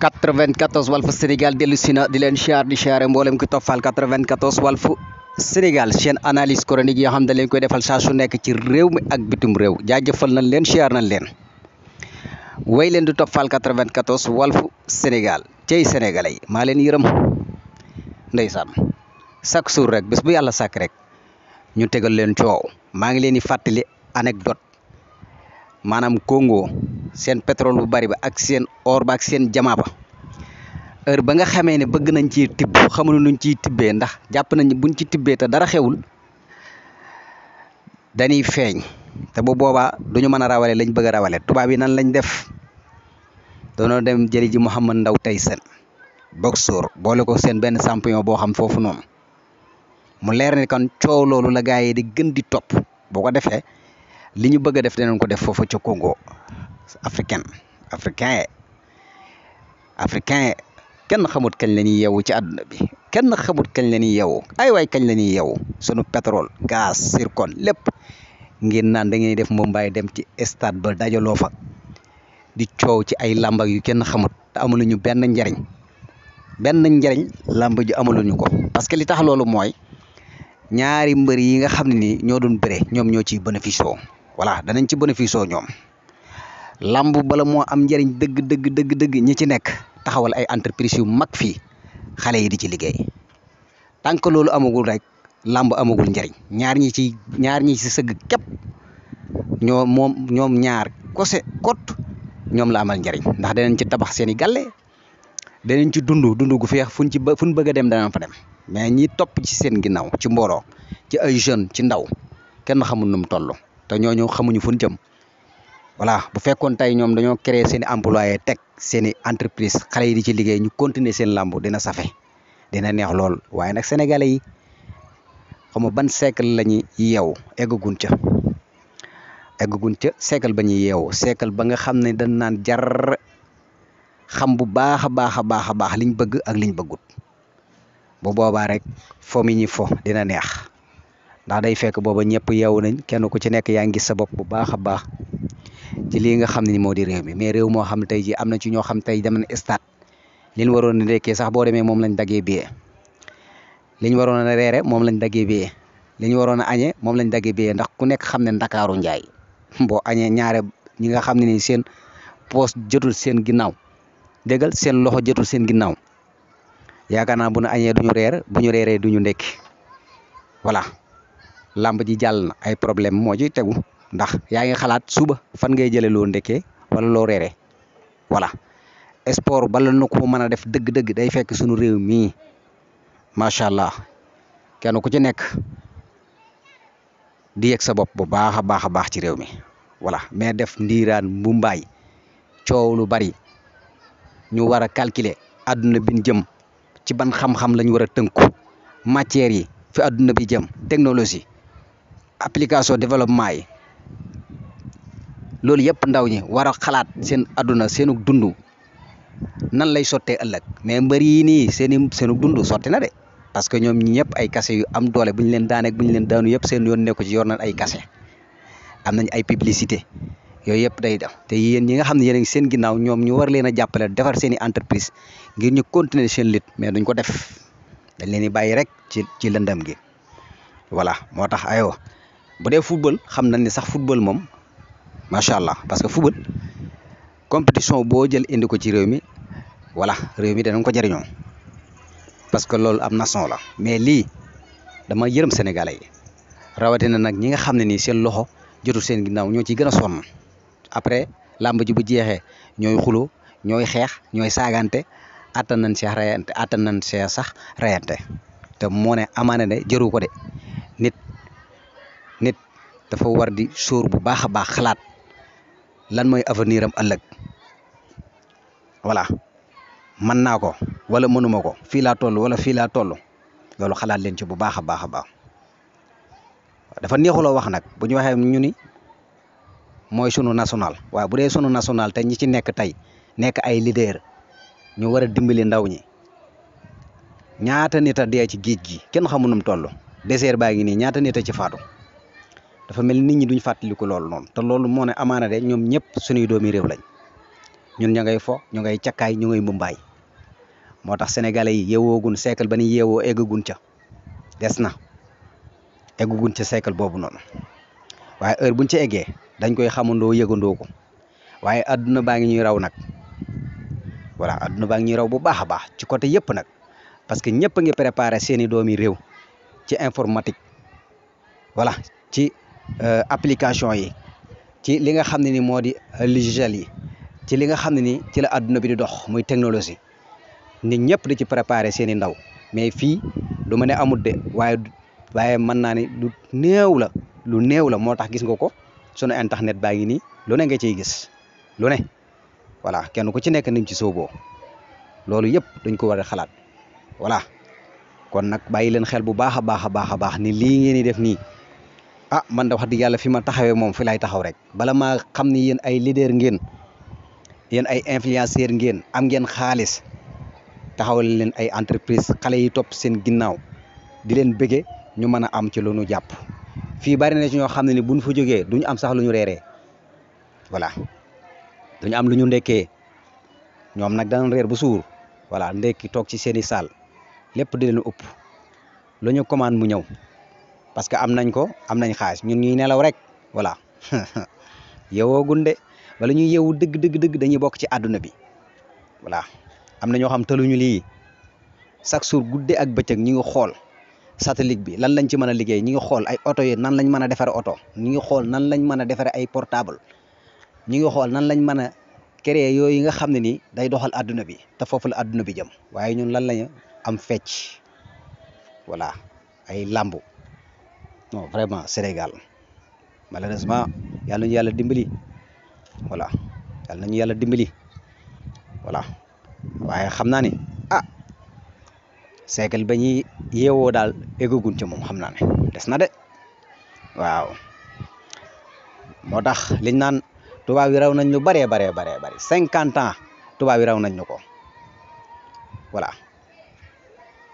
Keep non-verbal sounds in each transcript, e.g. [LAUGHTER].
94 Walf Sénégal dellu si na di leen siyaar di siyaare mboolem ki toppal 94 Walf Sénégal seen analise chronique yoo xam ne leen koy defal saa nekk réew mi ak bitum réew jaajëfal nañ leen siyaar nañ leen way leen di toppal 94 Walf Sénégal cey sénégalais maa leen yërëm ndeysaan chaque jour rek bés bu yàlla sàkk rek ñu tegal leen coow maa ngi leen di fàttali anecdote maanaam Congo seen pétrole bu bari ba ak seen or ba ak seen jamaa ba heure ba nga xamee ne bëgg nañ ci tibb xamul nuñ ciy tibbee ndax jàpp nañ buñ ci tibbee te dara xewul dañuy feeñ te bu boobaa duñu mën a rawale lañ bëgg a rawale tubaab yi nan lañ def doonoo dem jëli ji Mouhamed Ndao Tyson boxeur boole ko seen benn champion boo xam foofu noonu mu leer ne kon coow loolu la gaa yi di gën di topp boo ko defee li ñu bëgg a def danañ ko def foofu ca Congo africaine africain yi africain yi kenn xamut kañ la ñuy yeewu ci àdduna bi kenn xamut kañ la ñuy yeewu ay waay kañ la ñuy yeewu sunu pétrole gaz zircon lépp ngeen naan da ngeen def Mumbai dem ci stade ba dajaloo fa di coow ci ay làmba yu kenn xamut te amaluñu benn njariñ benn njariñ làmba ju amaluñu ko parce que li tax loolu mooy ñaari mbër yi nga xam ni ñoo dun bëre ñoom ñoo ciy bénéfice woo voilà danañ ci bénéfice woo ñoom. lamb bala moo am njëriñ dëgg dëgg dëgg dëgg ñi ci nekk taxawal ay entreprise yu mag fii xale yi di ci liggéey tant que loolu amagul rek làmb amagul njariñ ñaar ñi ci ñaar ñi ci sëgg képp ñoo moom ñoom ñaar kose kot ñoom la amal njariñ ndax danañ ci tabax seen i gàlle danañ ci dundu dund gu feex fuñ ci fuñ bëgg a dem danañ fa dem mais ñi topp ci seen ginnaaw ci mbooloo ci ay jeune ci ndaw kenn xamul nu mu toll te ñooñu xamuñu fun jëm voilà bu fekkoon tey ñoom dañoo créer seeni i employé teg seeni i entreprise xale yi di ci liggéey ñu continuer seen làmb dina safe dina neex lool waaye nag sénégalais yi xam nga ban siècle la ñuy yeewu eggagun ca eggagun ca ba ñuy yeewu siècle ba nga xam ne dañ naan jar xam bu baax a baax a baax a baax liñ bëgg ak liñ bëggut bu boobaa rek fo mi ñi fo dina neex ndax day fekk booba ñëpp yeewu nañ kenn ku ci nekk yaa ngi gis sa bopp bu baax a baax ci lii nga xam ne ni moo di réew mi mais réew moo xam tey ji am na ci ñoo xam tey dem na stade liñ waroon a ndekkee sax boo demee moom lañ daggee billet liñ waroon a reere moom lañ daggee billet liñ waroon a moom lañ daggee billet ndax ku nekk xam ne ndakaaru njaay boo añee ñaare ñi nga xam ne ni seen poos jotul seen ginnaaw déggal seen loxo jotul seen ginnaaw yaakaar naa bu ñu añee duñu reer bu ñu reeree du ñu ndekk voilà làmb ji jàll na ay problème moo ciy tegu ndax yaa ngi xalaat suba fan ngay jëlee loo ndekkee wala loo reere voilà sport bala na ko mën a def dëgg-dëgg day fekk sunu réew mii macha allah kenn ku ci nekk di yëg sa bopp bu baax a baax a baax ci réew mi voilà mais def ndiiraan mbumbaay coow lu bari ñu war a calculer adduna bi jëm ci ban xam-xam la ñu war a tënku matière yi fi adduna bi jëm technologie application développement yi. loolu yëpp ndaw ñi war xalaat seen àdduna seenu dundu nan lay sottee ëllëg mais mbër yi nii seen i seenu dund sotti na de parce que ñoom ñëpp ay kase yu am doole bu ñu leen daaneek bu ñu leen daanu yëpp seen yoon nekku ci yor ay kase am nañ ay publicité yooyu yëpp day def te yéen ñi nga xam ne yéen a seen ginnaaw ñoom ñu war leen a jàppale defar seen entreprise ngir ñu continuer seen lit mais duñ ko def dañ leen di bàyyi rek ci ci lëndam gi voilà moo tax aywa bu dee football xam nañ ne sax football moom macha allah parce que football compétition boo jël indi ko ci réew mi voilà réew mi danañ ko jëriñoo parce que loolu am nation la mais lii dama yërëm sénégal yi rawatina nag ñi nga xam ne nii seen loxo jotul seen ginnaaw ñoo ciy gën a sonn après làmb ji bu jeexee ñooy xulo ñooy xeex ñooy saagante attan nañ seex rayante attan nañ see sax rayante te moo ne amaana ne jëru ko de nit nit dafa war di sóor bu baax a baax xalaat lan mooy avenir am ëllëg voilà mën naa ko wala mënuma ko fii laa toll wala fii laa toll loolu xalaat leen ci bu baax a baax a baax dafa neexuloo wax nag bu ñu waxee ñu ni mooy sunu national waaw bu dee sunu national te ñi ci nekk tey nekk ay leader ñu war a dimbali ndaw ñi ñaata nit a ci géej gi kenn xamu nu mu toll désert baa ngi nii ñaata nit a ci faatu. dafa mel nit ñi duñ fàttaliku loolu noonu te loolu moo ne amaana de ñoom ñëpp suñuy doomi réew lañ ñun ña ngay fo ñu ngay cakkaay ñu ngay mbumbaay moo tax sénégalais yi yeewoogun siècle ba ni yeewoo eggagun ca des na eggagun ca siècle boobu noonu waaye heure buñ ci eggee dañ koy xamandoo yëgandoo waaye adduna baa ngi ñuy raw nag voilà adduna baa ngi ñuy raw bu baax a baax ci côté yëpp nag parce que ñëpp a ngi préparé seeni doomi réew ci informatique voilà ci Euh, application yi ci li nga xam ne ni moo di logiciel yi ci li nga xam ne ni ci la adduna bi di dox mooy technologie nit ñëpp di ci préparer seen i ndaw mais fii du ma ne amut de waaye waaye mën naa ni lu néew la lu néew la moo tax gis nga ko sunu internet baa ngi nii lu ne nga ciy gis lu ne voilà kenn ku ci nekk ni ci soobo loolu yëpp dañ ko war a xalaat voilà kon nag bàyyi leen xel bu baax a baax a baax a baax ni li ngeen di def nii a ah, man da wax dëgg yàlla fi ma taxawee moom fi laay taxaw rek bala maa xam ni yéen ay leader ngeen yéen ay influenceur ngeen am ngeen xaalis taxawal leen ay entreprise xale yi topp seen ginnaaw di leen bëgge ñu mën a am ci lu nu jàpp fii bari na ci ñoo xam ne ni buñ fa jógee duñu am sax lu ñu reeree voilà duñu am lu ñu ndekkee ñoom nag danañ reer bu suur voilà ki toog ci seeni saal lépp di leen upp lu ñu commande mu ñëw parce que am nañ ko am nañ xaalis ñun ñuy nelaw rek voilà [LAUGHS] yewoo gunde wala ñuy yeewu dëgg dëgg dëgg dañuy bokk ci àdduna bi voilà am na ñoo xam tëluñu lii chaque jour gudde ak bëccëg ñu ngi xool satellite bi lan lañ ci mën a liggéey ñi ngi xool ay oto yi nan lañ mën a defare oto ñi ngi xool nan lañ mën a defare ay portable ñu ngi xool nan lañ mën a créer yooyu nga xam ne nii day doxal àdduna bi te foofu la àdduna bi jëm waaye ñun lan lañu am fecc voilà ay làmbu non vraiment Sénégal malheureusement yàlla nañu yàlla dimbali voilà yàlla nañu yàlla dimbali voilà waaye xam naa ne ah siècle ba ñuy yeewoo daal eggagun ci moom xam naa ne des na de waaw moo tax liñ naan tubaab yi raw nañ ñu baree baree baree cinquante ans tubaab yi raw nañ ñu ko voilà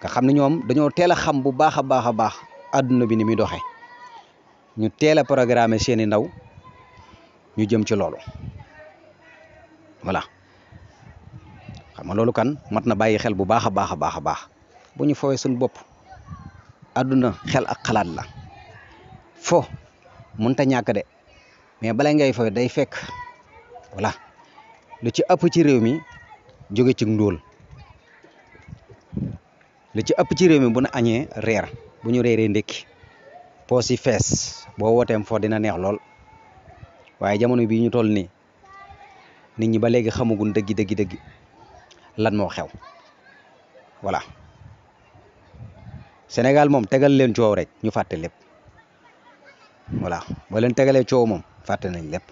nga xam ne ñoom dañoo teel xam bu baax a baax a baax àdduna bi ni muy doxe ñu teel a programmer seeni ndaw ñu jëm ci loolu voilà xam nga loolu kan mat na bàyyi xel bu baax a baax a baax a baax bu ñu fowee suñu bopp àdduna xel ak xalaat la fo mënta ñàkk de mais bala ngay fooy day fekk voilà lu ci ëpp ci réew mi jóge ci ndóol lu ci ëpp ci réew mi bu na añee reer bu ñu réeree ndékki poos yi fees boo wooteem foo dina neex lool waaye jamono bii ñu toll nii nit ñi ba léegi xamagun dëggi dëggi dëggi lan moo xew voilà Sénégal moom tegal leen coow rek ñu fàtte lépp voilà boo leen tegalee coow moom fàtte nañ lépp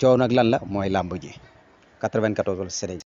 coow nag lan la mooy làmb ji lool wala Sénégal